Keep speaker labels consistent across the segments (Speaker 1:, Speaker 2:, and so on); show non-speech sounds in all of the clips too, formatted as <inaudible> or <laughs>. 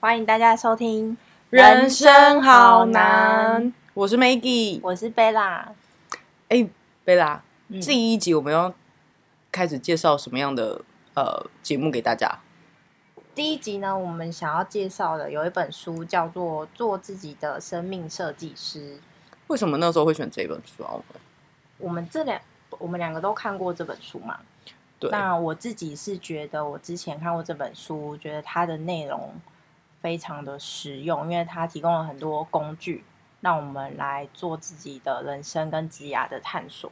Speaker 1: 歡迎大家收聽《人生好難》，我是 Maggie，我是貝拉。
Speaker 2: 哎、欸，貝拉、嗯，這第一集我們要開始介紹什麼樣的呃節目給大家？
Speaker 1: 第一集呢，我們想要介紹的有一本書叫做《做自己的生命設計師》。
Speaker 2: 為什麼那時候會選這本書啊？
Speaker 1: 我們這兩，我們兩個都看過這本書嘛？對。那我自己是覺得，我之前看過這本書，覺得它的內容非常的實用，因為它提供了很多工具，讓我們來做自己的人生跟職涯的探索。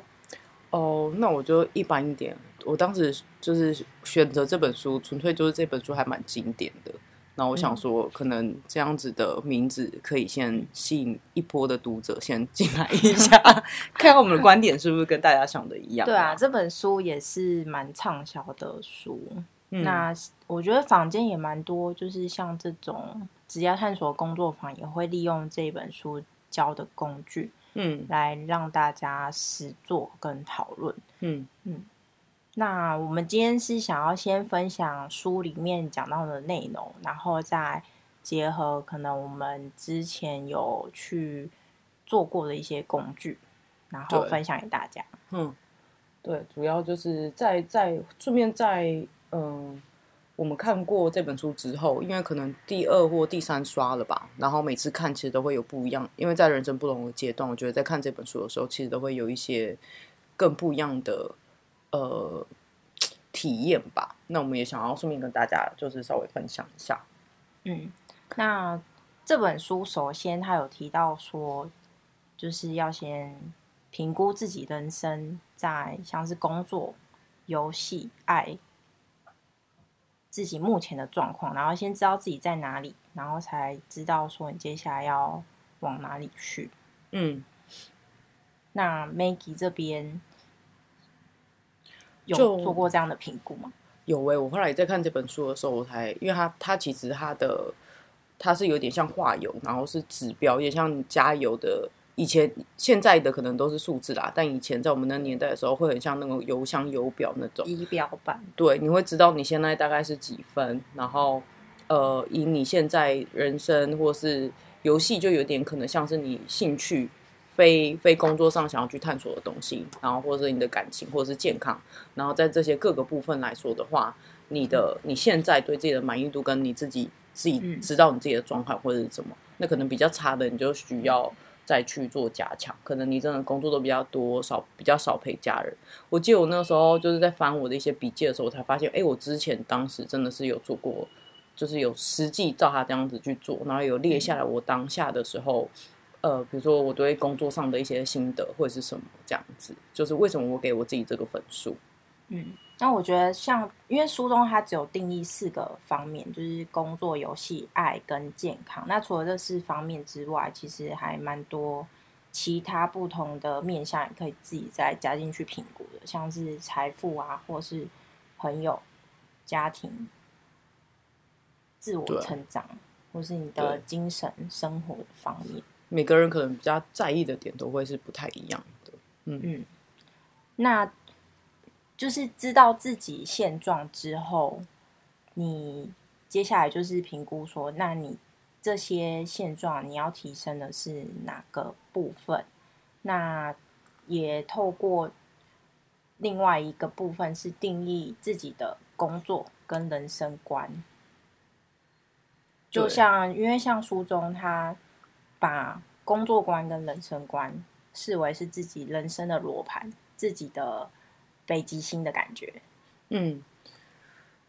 Speaker 2: 哦，那我就一般一點。我當時就是選擇這本書，純粹就是這本書還蠻經典的。那我想說，嗯，可能這樣子的名字可以先吸引一波的讀者，先進來一下， <laughs> 看看我們的觀點是不是跟大家想的一樣，啊。對啊，
Speaker 1: 這本書也是蠻暢銷的書。嗯，那我覺得坊間也蠻多，就是像這種職業探索工作坊也會利用這本書教的工具，嗯，來讓大家實作跟討論，嗯嗯。那我們今天是想要先分享書裡面講到的內容，然後再結合可能我們之前有去做過的一些工具，然後分
Speaker 2: 享給大家。嗯，對，主要就是在在順便在。嗯，我們看過這本書之後，因為可能第二或第三刷了吧，然後每次看其實都會有不一樣，因為在人生不同的階段，我覺得在看這本書的時候，其實都會有一些更不一樣的呃體驗吧。那我們也想要順便跟大家就是稍微分享一下。嗯，
Speaker 1: 那這本書首先它有提到說，就是要先評估自己人生，在像是工作、遊戲、愛。自己目前的狀況，然後先知道自己在哪裡，然後才知道說你接下來要往哪裡去。嗯，那 Maggie 這邊有做過這樣的評估嗎？
Speaker 2: 有誒、欸，我後來也在看這本書的時候，我才，因為它它其實它的它是有點像化油，然後是指標，也像加油的。以前現在的可能都是數字啦，但以前在我們那年代的時候，會很像那種油箱、油表那種儀表板。對，你會知道你現在大概是幾分，然後，呃，以你現在人生或是遊戲，就有點可能像是你興趣、非非工作上想要去探索的東西，然後或者是你的感情或者是健康，然後在這些各個部分來說的話，你的你現在對自己的滿意度跟你自己自己知道你自己的狀況或者是什麼、嗯，那可能比較差的，你就需要。再去做加強，可能你真的工作都比較多少比較少陪家人。我記得我那時候就是在翻我的一些筆記的時候，我才發現，哎、欸，我之前當時真的是有做過，就是有實際照他這樣子去做，然後有列下來我當下的時候，嗯、呃，比如說我對工作上的一些心得或者是什麼這樣子，就是為什麼我給我自己這個分數，嗯。
Speaker 1: 那我覺得像，像因為書中它只有定義四個方面，就是工作、遊戲、愛跟健康。那除了這四方面之外，其實還蠻多其他不同的面向，也可以自己再加進去評估的，像是財富啊，或是朋友、家庭、自我成長，或是你的精神生活方面。
Speaker 2: 每個人可能比較在意的點都會是不太一樣的。
Speaker 1: 嗯嗯，那。就是知道自己現狀之後，你接下來就是評估說，那你這些現狀你要提升的是哪個部分？那也透過另外一個部分是定義自己的工作跟人生觀。
Speaker 2: 就
Speaker 1: 像因為像書中他把工作觀跟人生觀視為是自己人生的羅盤，自己的。北極星的感覺，
Speaker 2: 嗯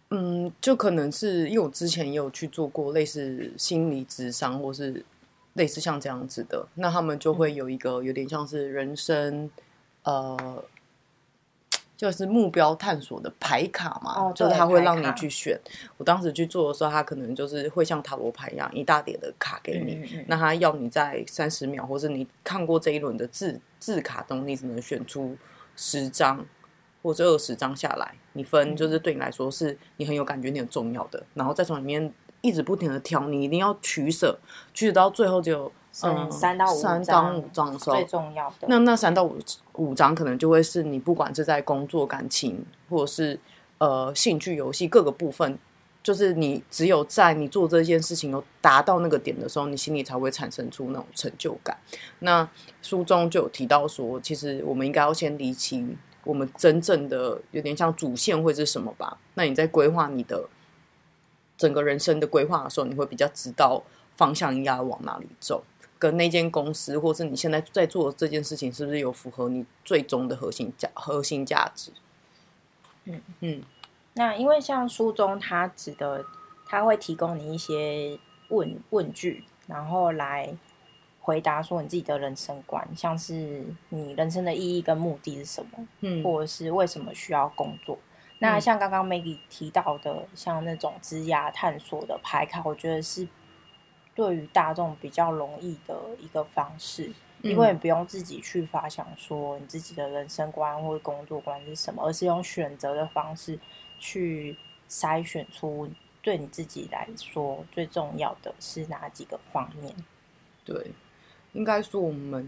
Speaker 2: 嗯，就可能是因為我之前也有去做過類似心理諮商，或是類似像這樣子的，那他們就會有一個有點像是人生、嗯、呃，就是目標探索的牌卡嘛，哦、就是他會讓你去選。我當時去做的時候，他可能就是會像塔羅牌一樣，一大疊的卡給你，嗯嗯嗯，那他要你在三十秒，或是你看過這一輪的字字卡中，你只能選出十張。或者二十張下來，你分就是對你來說是你很有感覺、你很重要的，嗯、然後再從裡面一直不停的挑，你一定要取舍，取捨到最後只有三、嗯、三到五張五張的時候最重要的。那那三到五五張可能就會是你不管是在工作、感情，或者是呃興趣、遊戲各個部分，就是你只有在你做這件事情有達到那個點的時候，你心裡才會產生出那種成就感。那書中就有提到說，其實我們應該要先釐清。我們真正的有點像主線或是什麼吧？那你在規劃你的整個人生的規劃的時候，你會比較知道方向應該要往哪裡走，跟那間公司或是你現在在做這件事情是不是有符合你最終的核心價核心價值？
Speaker 1: 嗯嗯，那因為像書中他指的，他會提供你一些問問句，然後來。回答說你自己的人生觀，像是你人生的意義跟目的是什麼，嗯，或者是為什麼需要工作。嗯、那像剛剛 Maggie 提到的，像那種職涯探索的牌卡，我覺得是對於大眾比較容易的一個方式，嗯、因為你不用自己去發想說你自己的人生觀或工作觀是什麼，而是用選擇的方式去篩選出對你自己來說最重要的是哪幾
Speaker 2: 個方面。對。應該說，我們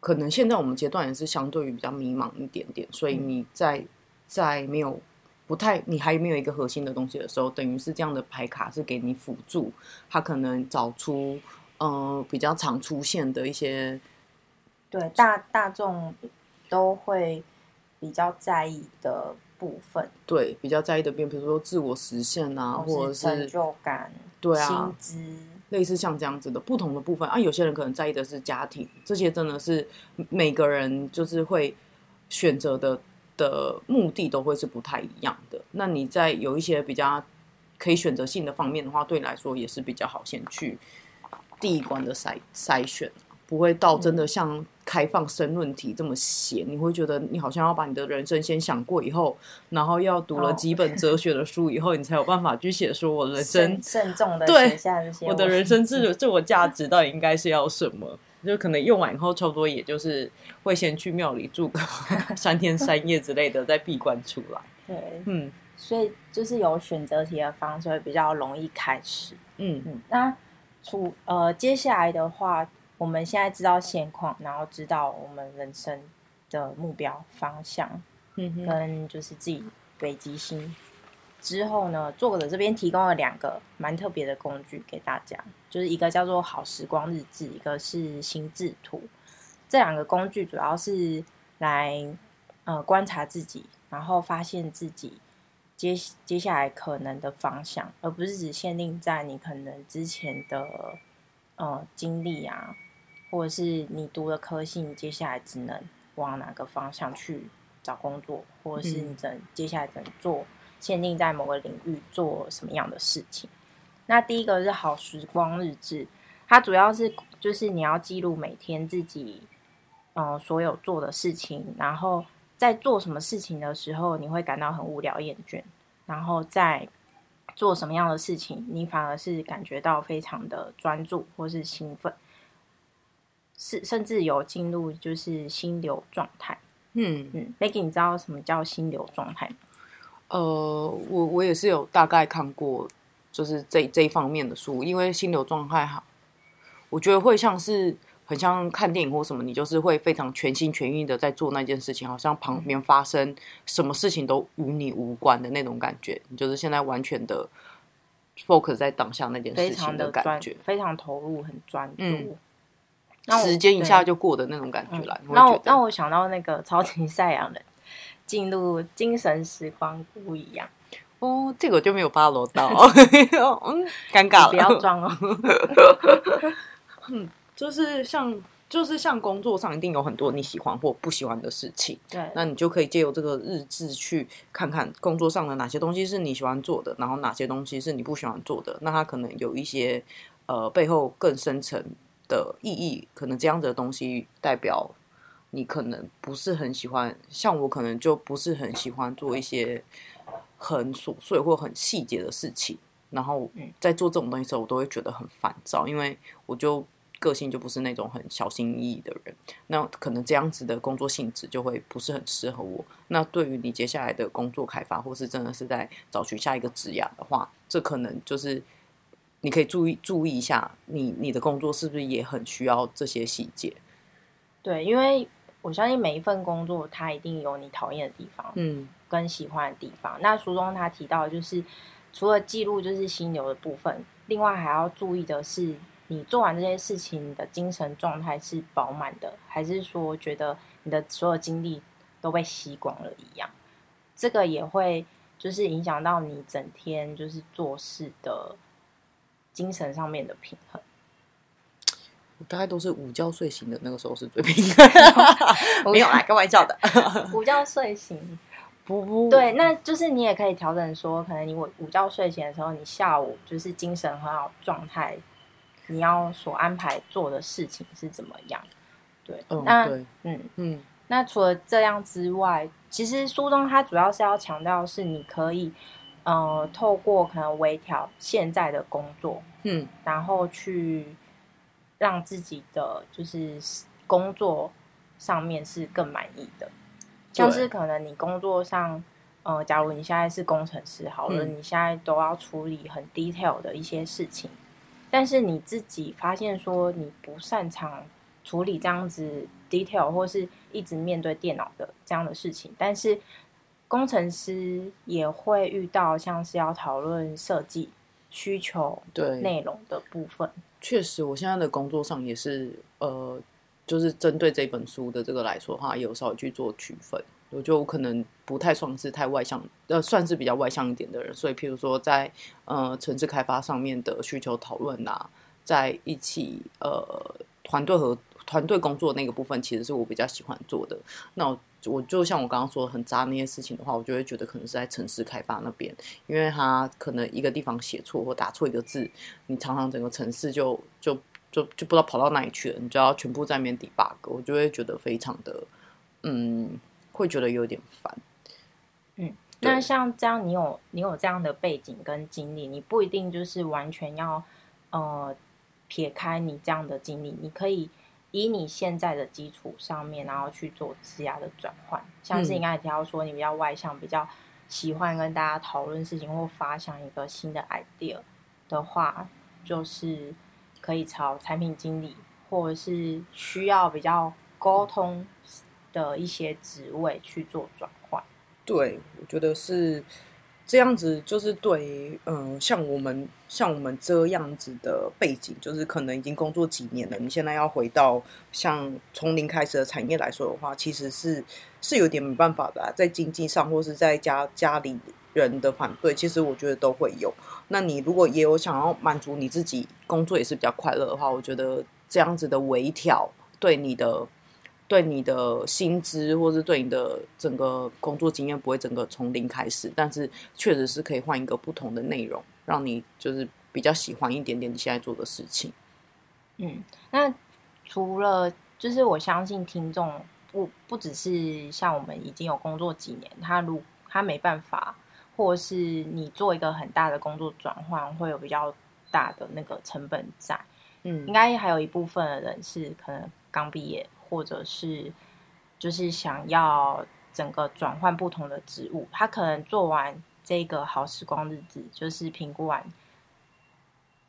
Speaker 2: 可能現在我們階段也是相對於比較迷茫一點點，所以你在在沒有不太你還沒有一個核心的東西的時候，等於是這樣的牌卡是給你輔助，他可能找出嗯、呃、比較常出現的一些對
Speaker 1: 大大眾都會比較在意的部分，
Speaker 2: 對，比較在意的邊比如說自我實現啊，或、哦、者是成就
Speaker 1: 感，對啊薪資。
Speaker 2: 類似像這樣子的不同的部分啊，有些人可能在意的是家庭，這些真的是每個人就是會選擇的的目的都會是不太一樣的。那你在有一些比較可以選擇性的方面的話，對你來說也是比較好先去第一關的篩篩選。不會到真的像開放申論題這麼寫、嗯，你會覺得你好像要把你的人生先想過以後，然後要讀了幾本哲學的書以後，哦、 <laughs> 你才有辦法去寫說我的人生慎重的寫下這
Speaker 1: 些，我的人生自
Speaker 2: 自我價值到底應該是要什麼、嗯？就可能用完以後，差不多也就是會先去廟裡住個、嗯、 <laughs> 三天三夜之類的，再閉關出來。對，
Speaker 1: 嗯，所以就是有選擇題的方式會比較容易開始。嗯嗯，那除呃接下來的話。我們現在知道現況，然後知道我們人生的目標方向，
Speaker 2: 嗯，跟
Speaker 1: 就是自己北極星之後呢，作者這邊提供了兩個蠻特別的工具給大家，就是一個叫做好時光日誌，一個是心智圖。這兩個工具主要是來呃觀察自己，然後發現自己接接下來可能的方向，而不是只限定在你可能之前的呃經歷啊。或者是你讀了科系，接下來只能往哪個方向去找工作，或者是你怎接下來怎麼做，限定在某個領域做什麼樣的事情？那第一個是好時光日誌，它主要是就是你要記錄每天自己嗯、呃、所有做的事情，然後在做什麼事情的時候，你會感到很無聊厭倦，然後在做什麼樣的事情，你反而是感覺到非常的專注或是興奮。是，甚至有進入就是心流狀態。嗯嗯，Maggie，你知道什麼叫心流狀態
Speaker 2: 嗎？呃，我我也是有大概看過，就是這這一方面的書。因為心流狀態哈，我覺得會像是很像看電影或什麼，你就是會非常全心全意的在做那件事情，好像旁邊發生什麼事情都與你無關的那種感覺。你就是現在完全的 focus 在當下那件事情的感覺，
Speaker 1: 非常，非常投入，很專注。嗯
Speaker 2: 那時間一下就過的那種感覺啦，讓、嗯、我
Speaker 1: 讓我，我想到那個超級賽亞人進入精神時光
Speaker 2: 屋一樣。哦，這個就沒有 follow 到，尷 <laughs> <laughs> 尬不要裝哦、 <laughs> <laughs> 嗯。就是像，就是像工作上一定有很多你喜歡或不喜歡的事情，對，那你就可以借由這個日誌去看看工作上的哪些東西是你喜歡做的，然後哪些東西是你不喜歡做的。那他可能有一些呃背後更深層的意義，可能這樣子的東西代表你可能不是很喜歡，像我可能就不是很喜歡做一些很瑣碎或很細節的事情。然後在做這種東西的時候，我都會覺得很煩躁，因為我就個性就不是那種很小心翼翼的人。那可能這樣子的工作性質就會不是很適合我。那對於你接下來的工作開發，或是真的是在找尋下一個職業的話，這可能就是。你可以注意注意一下，你你的工作是不是也很需要這些細節？
Speaker 1: 對，因為我相信每一份工作，它一定有你討厭的地方，嗯，跟喜歡的地方。那書中他提到，就是除了記錄就是心流的部分，另外還要注意的是，你做完這件事情你的精神狀態是飽滿的，還是說覺得你的所有精力都被吸光了一樣？這個也會就是影響到你整天就是做事的精神上
Speaker 2: 面的平衡，我大概都是午覺睡醒的那個時候是最平衡。 <laughs> <laughs> 沒有啦，開 <laughs> 玩
Speaker 1: 笑的。 <laughs> 午覺睡醒，不不，對，那就是你也可以調整說，可能你午覺睡醒的時候，你下午就是精神很好狀態，你要所安排做的事情是怎麼樣？對，嗯那對嗯嗯，那除了這樣之外，其實書中它主要是要強調是你可以。呃，透過可能微調現在的工作，嗯，然後去讓自己的就是工作上面是更滿意的。就是可能你工作上，呃，假如你現在是工程師，好了，嗯，你現在都要處理很 detail 的一些事情，但是你自己發現說你不擅長處理這樣子 detail，或是一直面對電腦的這樣的事情，但是。工程師也會遇到像是要討論設計需求、對內容的
Speaker 2: 部分。確實，我現在的工作上也是，呃，就是針對這本書的這個來說的話，也有稍微去做區分。我覺得我可能不太算是太外向，呃，算是比較外向一點的人。所以，譬如說在呃城市開發上面的需求討論啊，在一起呃團隊和。團隊工作的那個部分，其實是我比較喜歡做的。那我，我就像我剛剛說的很雜那些事情的話，我就會覺得可能是在城市開發那邊，因為他可能一個地方寫錯或打錯一個字，你常常整個城市就就就就，就不知道跑到哪裡去了，你就要全部在那邊 debug，我就會覺得非常的，嗯，會覺得有點煩。
Speaker 1: 嗯，那像這樣，你有你有這樣的背景跟經歷，你不一定就是完全要呃撇開你這樣的經歷，你可以以你現在的基礎上面，然後去做職涯的轉換。像是你剛才提到說，你比較外向、嗯，比較喜歡跟大家討論事情，或發想一個新的 idea 的話，就是可以朝產品經理，或者是需要比較溝通
Speaker 2: 的一些職位去做轉換。對，我覺得是。這樣子就是對，嗯，像我們像我們這樣子的背景，就是可能已經工作幾年了，你現在要回到像從零開始的產業來說的話，其實是是有點沒辦法的啊，在經濟上或是在家家裡人的反對，其實我覺得都會有。那你如果也有想要滿足你自己工作也是比較快樂的話，我覺得這樣子的微調對你的。對你的薪資，或是對你的整個工作經驗，不會整個從零開始，但是確實是可以換一個不同的內容，讓你就是比較喜歡一點點你現在做的事情。
Speaker 1: 嗯，那除了就是我相信聽眾不，不不只是像我們已經有工作幾年，他如他沒辦法，或是你做一個很大的工作轉換，會有比較大的那個成本在。嗯，應該還有一部分的人是可能剛畢業。或者是，就是想要整個轉換不同的職務，他可能做完這個好時光日誌，就是評估完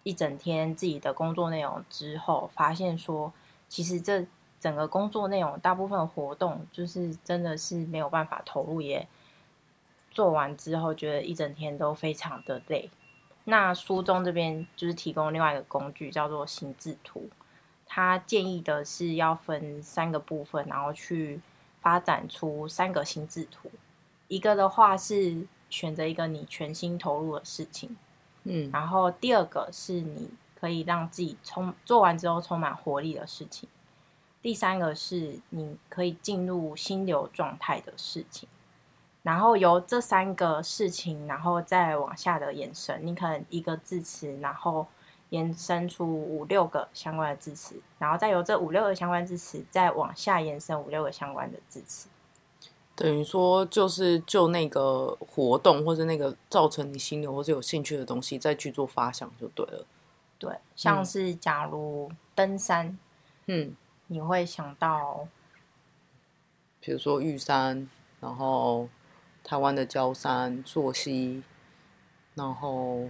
Speaker 1: 一整天自己的工作內容之後，發現說，其實這整個工作內容大部分活動，就是真的是沒有辦法投入耶，也做完之後覺得一整天都非常的累。那書中這邊就是提供另外一個工具，叫做心智圖。他建議的是要分三個部分，然後去發展出三個心智圖。一個的話是選擇一個你全心投入的事情，嗯，然後第二個是你可以讓自己充做完之後充滿活力的事情，第三個是你可以進入心流狀態的事情。然後由這三個事情，然後再往下的延伸，你可能一個字詞，然後。延伸出五六個相關的字詞，然後再由這五六個相關字詞再往下延伸五六個相關的字詞，
Speaker 2: 等於說就是就那個活動或者那個造成你心流或者有興趣的東西再去做發想就對了。對，像是
Speaker 1: 假如登山，嗯，你會想到，
Speaker 2: 比如說玉山，然後台灣的郊山、溯溪，然後。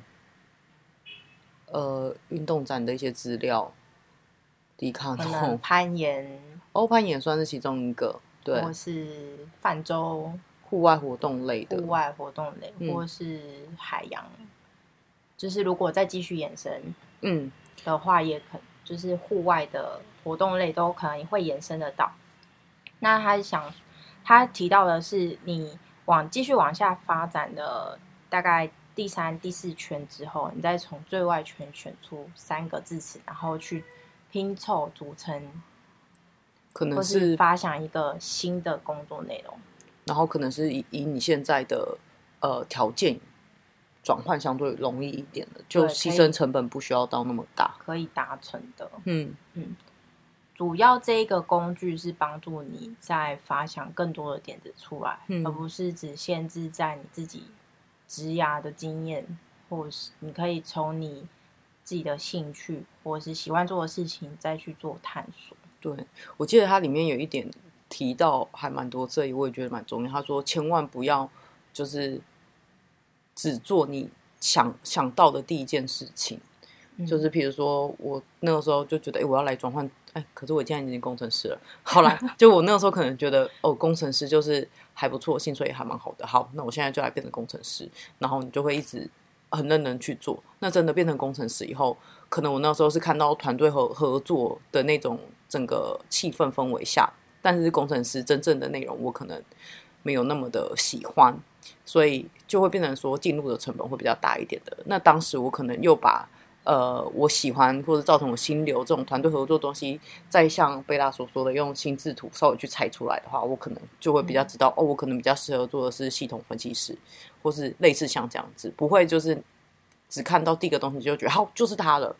Speaker 2: 呃，運動展的一些資料，抵抗攀岩，歐、哦，攀岩算是其中一個，對，或是泛舟戶外活動類的，戶外活動類，
Speaker 1: 嗯、或是海洋，就是如果再繼續延伸，嗯，的話也可，就是戶外的活動類都可能也會延伸得到。那他想，他提到的是你往繼續往下發展的大概。第三、第四圈之後，你再從最外圈選出三個字詞，然後去拼湊組成，
Speaker 2: 可能是，或是
Speaker 1: 發想一個新的工作內容。
Speaker 2: 然後可能是以以你現在的呃條件轉換相對容易一點的，就犧牲成本不需要到那麼大，
Speaker 1: 可以達成的。嗯嗯，主要這一個工具是幫助你再發想更多的點子出來、嗯，而不是只限制在你自己。職涯的經驗，或者是你可以從你自己的興趣或者是喜歡做的事情再去做探索。
Speaker 2: 對，我記得它裡面有一點提到，還蠻多，這一我也覺得蠻重要。他說，千萬不要就是只做你想想到的第一件事情，嗯、就是譬如說，我那個時候就覺得，欸、我要來轉換。哎，可是我現在已經工程師了。好了，就我那個時候可能覺得，哦，工程師就是還不錯，薪水也還蠻好的。好，那我現在就來變成工程師，然後你就會一直很認真去做。那真的變成工程師以後，可能我那時候是看到團隊和合作的那種整個氣氛氛圍下，但是工程師真正的內容我可能沒有那麼的喜歡，所以就會變成說進入的成本會比較大一點的。那當時我可能又把。呃，我喜歡或者造成我心流這種團隊合作的東西，再像貝拉所說的用心智圖稍微去猜出來的話，我可能就會比較知道、嗯、哦，我可能比較適合做的是系統分析師，或是類似像這樣子，不會就是只看到第一個東西就覺得好就是它了。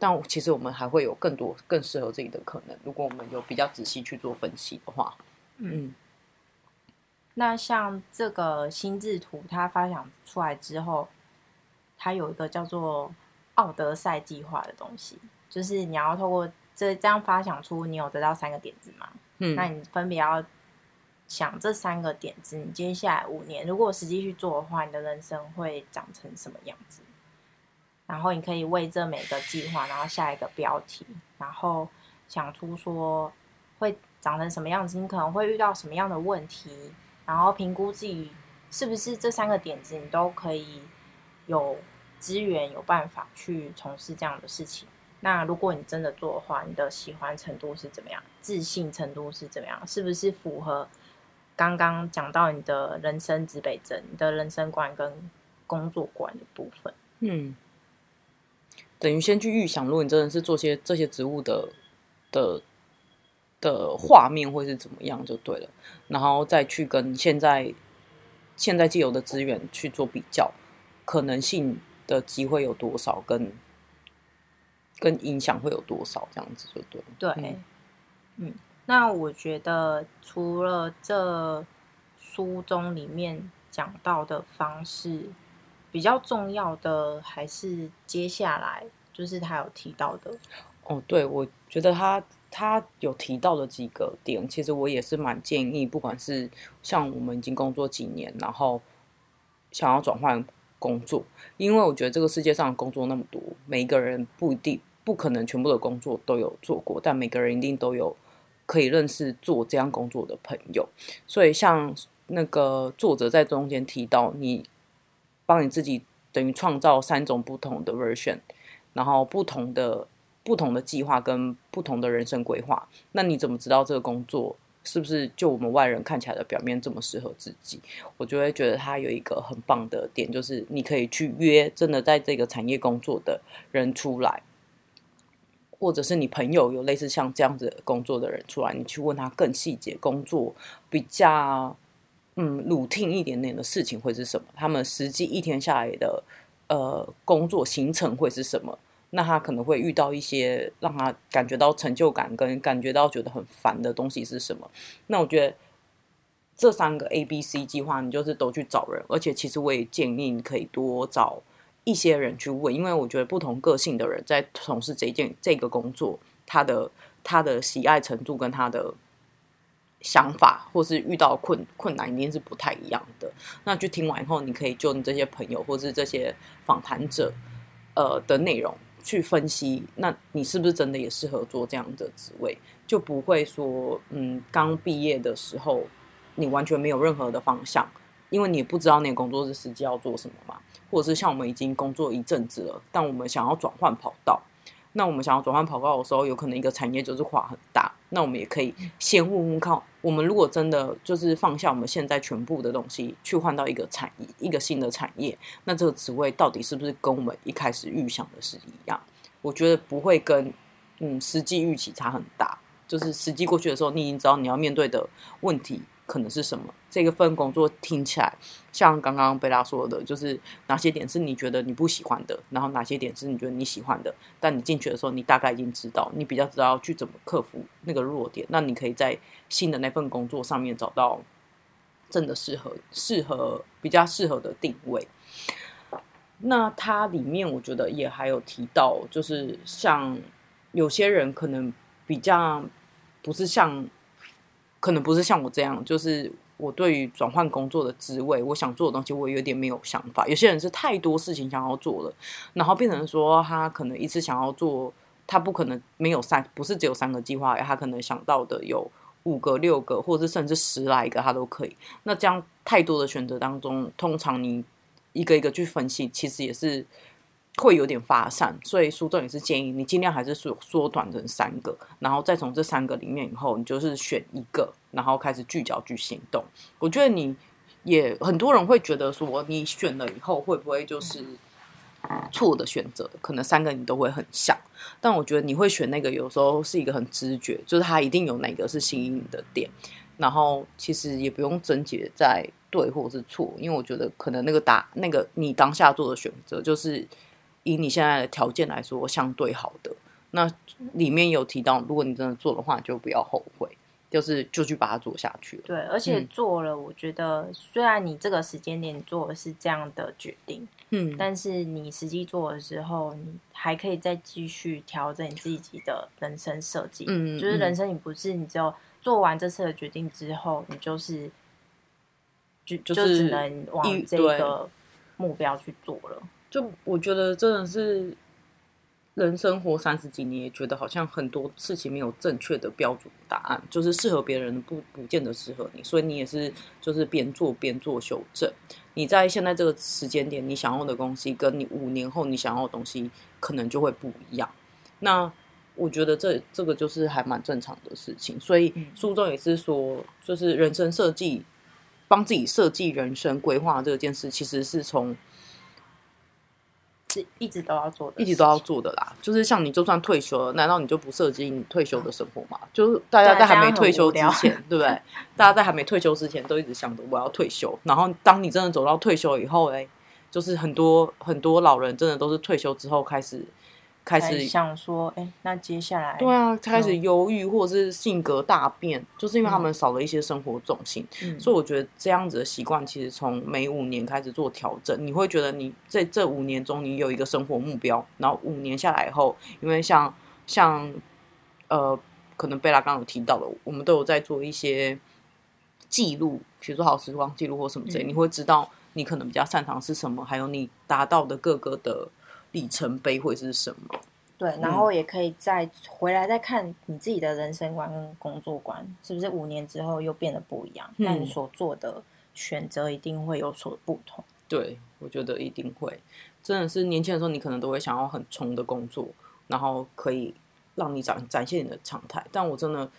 Speaker 2: 但我其實我們還會有更多更適合自己的可能，如果我們有比較仔細去做分析的話。嗯，
Speaker 1: 嗯，那像這個心智圖它發展出來之後，它有一個叫做奧德賽計劃的東西，就是你要透過這這樣發想出，你有得到三個點子嗎？嗯，那你分別要想這三個點子，你接下來五年如果實際去做的話，你的人生會長成什麼樣子？然後你可以為這每個計劃，然後下一個標題，然後想出說會長成什麼樣子，你可能會遇到什麼樣的問題，然後評估自己是不是這三個點子你都可以有資源有辦法去從事這樣的事情。那如果你真的做的話，你的喜歡程度是怎麼樣？自信程度是怎麼樣？是不是符合剛剛講到你的人生指北針、你的人生觀跟工作觀的部分？
Speaker 2: 嗯，等於先去預想，如果你真的是做些這些職務的的的畫面會是怎麼樣，就對了。然後再去跟現在現在既有的資源去做比較，可能性的機會有多少，跟跟影響會有多少，這樣子就對。對，嗯，
Speaker 1: 嗯，那我覺得除了這書中裡面講到的方式，比較重要的還是接下來就是他有提到的。
Speaker 2: 哦，對，我覺得他他有提到的幾個點，其實我也是蠻建議，不管是像我們已經工作幾年，然後想要轉換工作，因為我覺得這個世界上工作那麼多，每一個人不一定、不可能全部的工作都有做過，但每個人一定都有可以認識做這樣工作的朋友。所以，像那個作者在中間提到，你幫你自己等於創造三種不同的 version，然後不同的、不同的計劃跟不同的人生規劃，那你怎麼知道這個工作是不是就我們外人看起來的表面這麼適合自己？我就會覺得他有一個很棒的點，就是你可以去約真的在這個產業工作的人出來，或者是你朋友有類似像這樣子工作的人出來，你去問他更細節工作比較嗯 routine 一點點的事情會是什麼？他們實際一天下來的呃工作行程會是什麼？那他可能會遇到一些讓他感覺到成就感跟感覺到覺得很煩的東西是什麼？那我覺得這三個 A、B、C 計劃，你就是都去找人，而且其實我也建議你可以多找一些人去問，因為我覺得不同個性的人在從事這件這個工作，他的他的喜愛程度跟他的想法，或是遇到困困難，一定是不太一樣的。那就聽完以後，你可以就你這些朋友或是這些訪談者呃的內容。去分析，那你是不是真的也適合做這樣的職位？就不會說，嗯，剛畢業的時候，你完全沒有任何的方向，因為你也不知道那個工作是實際要做什麼嘛。或者是像我們已經工作一陣子了，但我們想要轉換跑道，那我們想要轉換跑道的時候，有可能一個產業就是跨很大，那我們也可以先問問看。我們如果真的就是放下我們現在全部的東西，去換到一個產業，一個新的產業，那這個職位到底是不是跟我們一開始預想的是一樣？我覺得不會跟嗯實際預期差很大，就是實際過去的時候，你已經知道你要面對的問題。可能是什麼？這個份工作聽起來像剛剛貝拉說的，就是哪些點是你覺得你不喜歡的，然後哪些點是你覺得你喜歡的。但你進去的時候，你大概已經知道，你比較知道去怎麼克服那個弱點。那你可以在新的那份工作上面找到真的適合、適合、比較適合的定位。那它裡面我覺得也還有提到，就是像有些人可能比較不是像。可能不是像我這樣，就是我對於轉換工作的職位，我想做的東西，我有點沒有想法。有些人是太多事情想要做了，然後變成說他可能一次想要做，他不可能沒有三，不是只有三個計劃，他可能想到的有五個、六個，或者是甚至十來個，他都可以。那這樣太多的選擇當中，通常你一個一個去分析，其實也是。會有點發散，所以書中也是建議你儘量還是縮，縮短成三個，然後再從這三個裡面，以後你就是選一個，然後開始聚焦去行動。我覺得你也很多人會覺得說，你選了以後會不會就是錯的選擇？可能三個你都會很像，但我覺得你會選那個，有時候是一個很直覺，就是它一定有哪個是吸引你的點。然後其實也不用糾結在對或是錯，因為我覺得可能那個答那個你當下做的選擇就是。以你現在的條件來說，相對好的。那裡面有提到，如果你真的做的話，就不要後悔，就是就去把它做下去了。對，而且
Speaker 1: 做了，我覺得，嗯，雖然你這個時間點做的是這樣的決定，嗯，但是你實際做的時候，你還可以再繼續調整你自己的人生設計。嗯，嗯，就是人生，你不是你只有做完這次的決定之後，你就是就就只能往這個目標去做了。
Speaker 2: 就我覺得真的是人生活三十幾年，也覺得好像很多事情沒有正確的標準答案，就是適合別人不不見得適合你，所以你也是就是邊做邊做修正。你在現在這個時間點你想要的東西，跟你五年後你想要的東西可能就會不一樣。那我覺得這這個就是還蠻正常的事情，所以書中也是說，就是人生設計，幫自己設計人生規劃這件事，其實是從。
Speaker 1: 是一直都要做的，一直
Speaker 2: 都要做的啦。就是像你，就算退休了，難道你就不設計你退休的生活嗎？嗯、就是大家在還沒退休之前，對、啊、對不對？ <laughs> 大家在還沒退休之前都一直想着我要退休，然後當你真的走到退休以後嘞，就是很多很多老人真的都是退休之後開始。開始想說，哎、欸，那接下來對啊，開始憂鬱或者是性格大變，嗯，就是因為他們少了一些生活重心。嗯、所以我覺得這樣子的習慣，其實從每五年開始做調整，嗯，你會覺得你在這五年中，你有一個生活目標。然後五年下來以後，因為像像呃，可能貝拉剛剛有提到的，我們都有在做一些記錄，比如說好時光記錄或什麼之類，嗯，你會知道你可能比較擅長是什麼，還有你達到的各個的。里程碑會是什麼？
Speaker 1: 對，嗯、然後也可以再回來再看你自己的人生觀跟工作觀，是不是五年之後
Speaker 2: 又變得不一樣？那、嗯、你所做的選擇一定會有所不同。對，我覺得一定會。真的是年輕的時候，你可能都會想要很衝的工作，然後可以讓你展展現你的常態。但我真的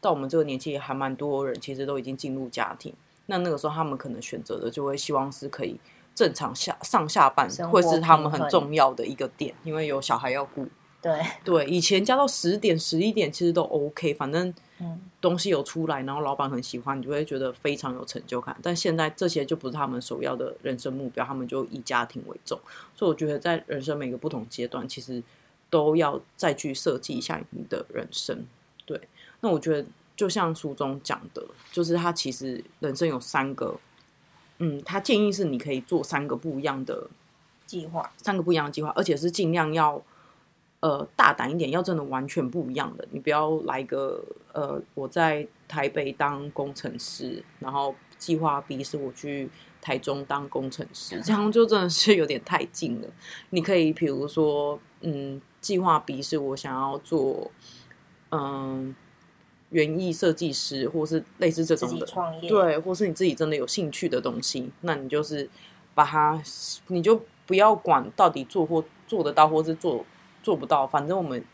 Speaker 2: 到我們這個年紀，還蠻多人其實都已經進入家庭。那那個時候，他們可能選擇的就會希望是可以。正常下上下班會是他們很重要的一個點，因為有小孩要顧。
Speaker 1: 對
Speaker 2: 對，以前加到十點、十一點其實都 OK，反正東西有出來，嗯，然後老板很喜歡，你就會覺得非常有成就感。但現在這些就不是他們首要的人生目標，他們就以家庭為重。所以我覺得，在人生每個不同階段，其實都要再去設計一下你的人生。對，那我覺得就像書中講的，就是他其實人生有三個。嗯，他建議是你可以做三個不一樣的計劃，三個不一樣的計劃，而且是盡量要呃大膽一點，要真的完全不一樣的。你不要來個呃，我在台北當工程師，然後計劃 B 是我去台中當工程師，嗯，這樣就真的是有點太近了。你可以比如說，嗯，計劃 B 是我想要做，嗯。園藝設計師，或是類似這種的，創業，對，或是你自己真的有興趣的東西，那你就是把它，你就不要管到底做或做得到，或是做做不到，反正我們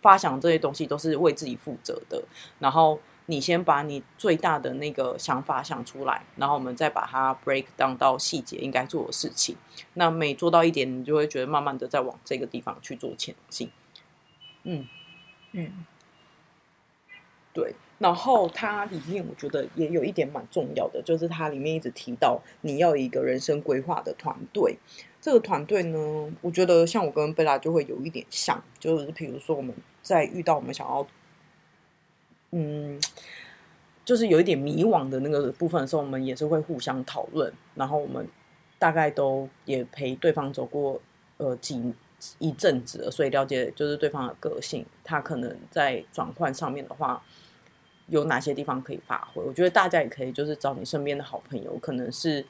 Speaker 2: 發想這些東西都是為自己負責的。然後你先把你最大的那個想法想出來，然後我們再把它 break down 到細節應該做的事情。那每做到一點，你就會覺得慢慢的在往這個地方去做前進。嗯，嗯。對，然後它裡面我覺得也有一點蠻重要的，就是它裡面一直提到你要一個人生規劃的團隊。這個團隊呢，我覺得像我跟貝拉就會有一點像，就是比如說我們在遇到我們想要，嗯，就是有一點迷惘的那個部分的時候，我們也是會互相討論，然後我們大概都也陪對方走過呃幾一陣子了，所以了解就是對方的個性，他可能在轉換上面的話，有哪些地方可以發揮？我覺得大家也可以，就是找你身邊的好朋友，可能是，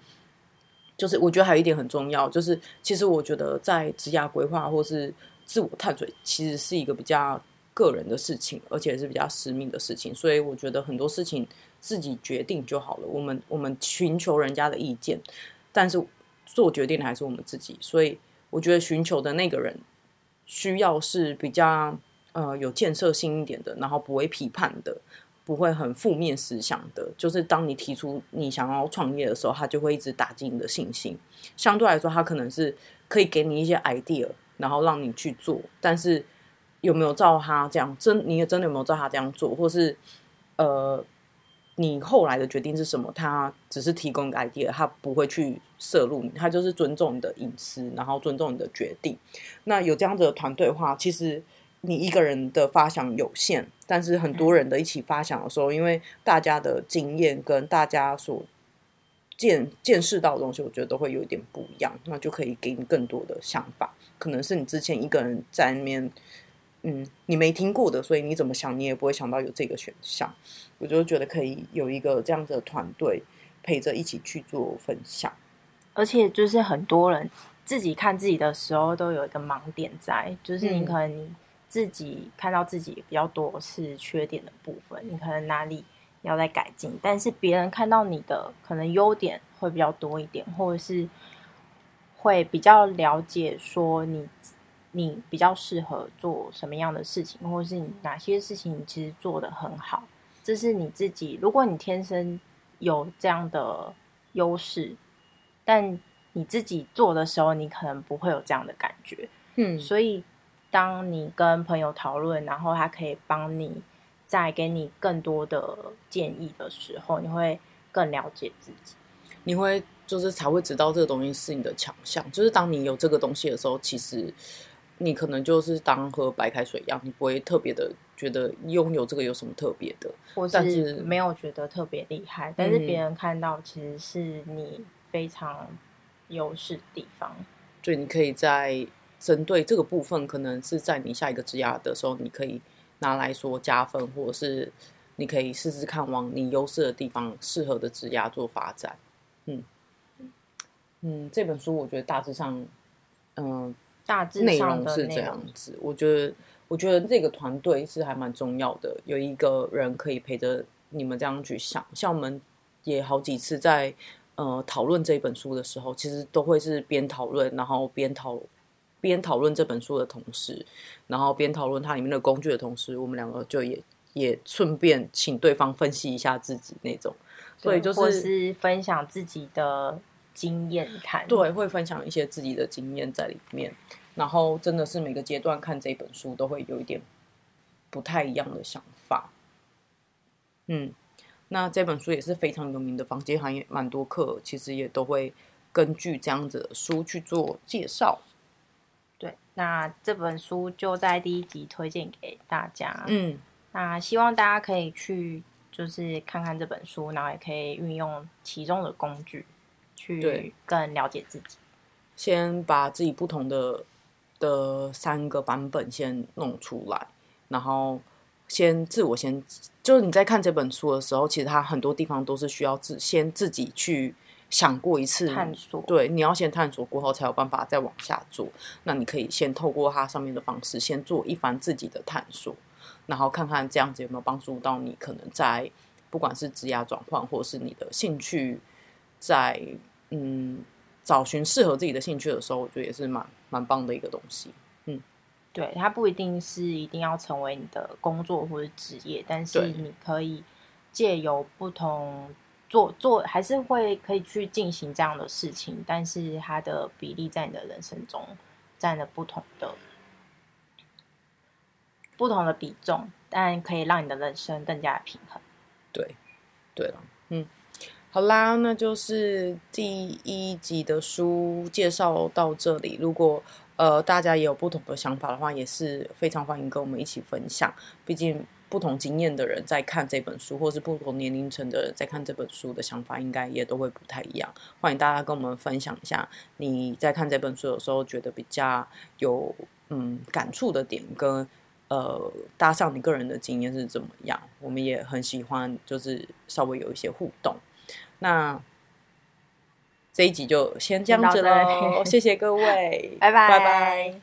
Speaker 2: 就是我覺得還有一點很重要，就是其實我覺得在職涯規劃或是自我探索，其實是一個比較個人的事情，而且是比較私密的事情，所以我覺得很多事情自己決定就好了。我們我們尋求人家的意見，但是做決定的還是我們自己。所以我覺得尋求的那個人需要是比較呃有建設性一點的，然後不會批判的。不會很負面思想的，就是當你提出你想要創業的時候，他就會一直打擊你的信心。相對來說，他可能是可以給你一些 idea，然後讓你去做。但是有沒有照他這樣，真你也真的有沒有照他這樣做，或是呃，你後來的決定是什麼？他只是提供 idea，他不會去涉入你，他就是尊重你的隱私，然後尊重你的決定。那有這樣子的團隊的話，其實。你一個人的發想有限，但是很多人的一起發想的時候，因為大家的經驗跟大家所見見識到的東西，我覺得都會有一點不一樣，那就可以給你更多的想法。可能是你之前一個人在那邊，嗯，你沒聽過的，所以你怎麼想，你也不會想到有這個選項。我就覺得可以有一個這樣子的團隊陪着一起去做分享，而且
Speaker 1: 就是很多人自己看自己的時候都有一個盲點在，就是你可能你、嗯。自己看到自己比較多是缺點的部分，你可能哪裡要再改進。但是別人看到你的可能優點會比較多一點，或者是會比較了解說你你比較適合做什麼樣的事情，或者是哪些事情你其實做得很好。這是你自己，如果你天生有這樣的優勢，但你自己做的時候，你可能不會有這樣的感覺。嗯，所以。當你跟朋友討論，然後他可以幫你再給你更多的建議的時候，你會更了解自己，
Speaker 2: 你會就是才會知道這個東西是你的強項。就是當你有這個東西的時候，其實你可能就是當喝白開水一樣，你不會特別的覺得擁有這個有什麼特別的，我是，但是
Speaker 1: 沒有覺得特別厲害，但是別人看到其實是你非常優勢的地方。
Speaker 2: 對，嗯，你可以在。針對這個部分，可能是在你下一個職涯的時候，你可以拿來說加分，或者是你可以試試看往你優勢的地方，適合的職涯做發展。嗯嗯，這本書我覺得大致上，嗯、呃，大致上內容是這樣子。我覺得，我覺得這個團隊是還蠻重要的，有一個人可以陪着你們這樣去想。像我們也好幾次在呃討論這本書的時候，其實都會是邊討論，然後邊討論。邊討論這本書的同時，然後邊討論它裡面的工具的同時，我們兩個就也也順便請對方分析一下自己那種，
Speaker 1: 所以就是或是
Speaker 2: 分享自己的經驗看對，會分享一些自己的經驗在裡面。然後真的是每個階段看這本書都會有一點不太一樣的想法。嗯，那這本書也是非常有名的坊，坊間還蠻多課其實也都會根據這樣子的書去做介紹。
Speaker 1: 對，那這本書就在第一集推薦給大家。嗯，那希望大家可以去就是看看這本書，然後也可以運用其中的工具去更了解自
Speaker 2: 己。先把自己不同的的三個版本先弄出來，然後先自我先，就是你在看這本書的時候，其實它很多地方都是需要自先自己去。想過一次探索，對，你要先探索過後，才有辦法再往下做。那你可以先透過它上面的方式，先做一番自己的探索，然後看看這樣子有沒有幫助到你。可能在不管是職業轉換，或是你的興趣在，在嗯找尋適合自己的興趣的時候，我覺得也是蠻蠻棒的一個東西。嗯，
Speaker 1: 對，它不一定是一定要成為你的工作或者職業，但是你可以借由不同。做做還是會可以去進行這樣的事情，但是它的比例在你的人生中佔了不同的、不同的比重，但可以讓你的人生更加平衡。
Speaker 2: 對，對了，嗯，好啦，那就是第一集的書介紹到這裡。如果呃大家也有不同的想法的話，也是非常歡迎跟我們一起分享，畢竟。不同經驗的人在看這本書，或是不同年齡層的人在看這本書的想法，應該也都會不太一樣。歡迎大家跟我們分享一下，你在看這本書的時候覺得比較有嗯感觸的點，跟呃搭上你個人的經驗是怎麼樣。我們也很喜歡，就是稍微有一些互動。那這一集就先這樣子嘍，謝謝各位，拜拜拜拜。Bye bye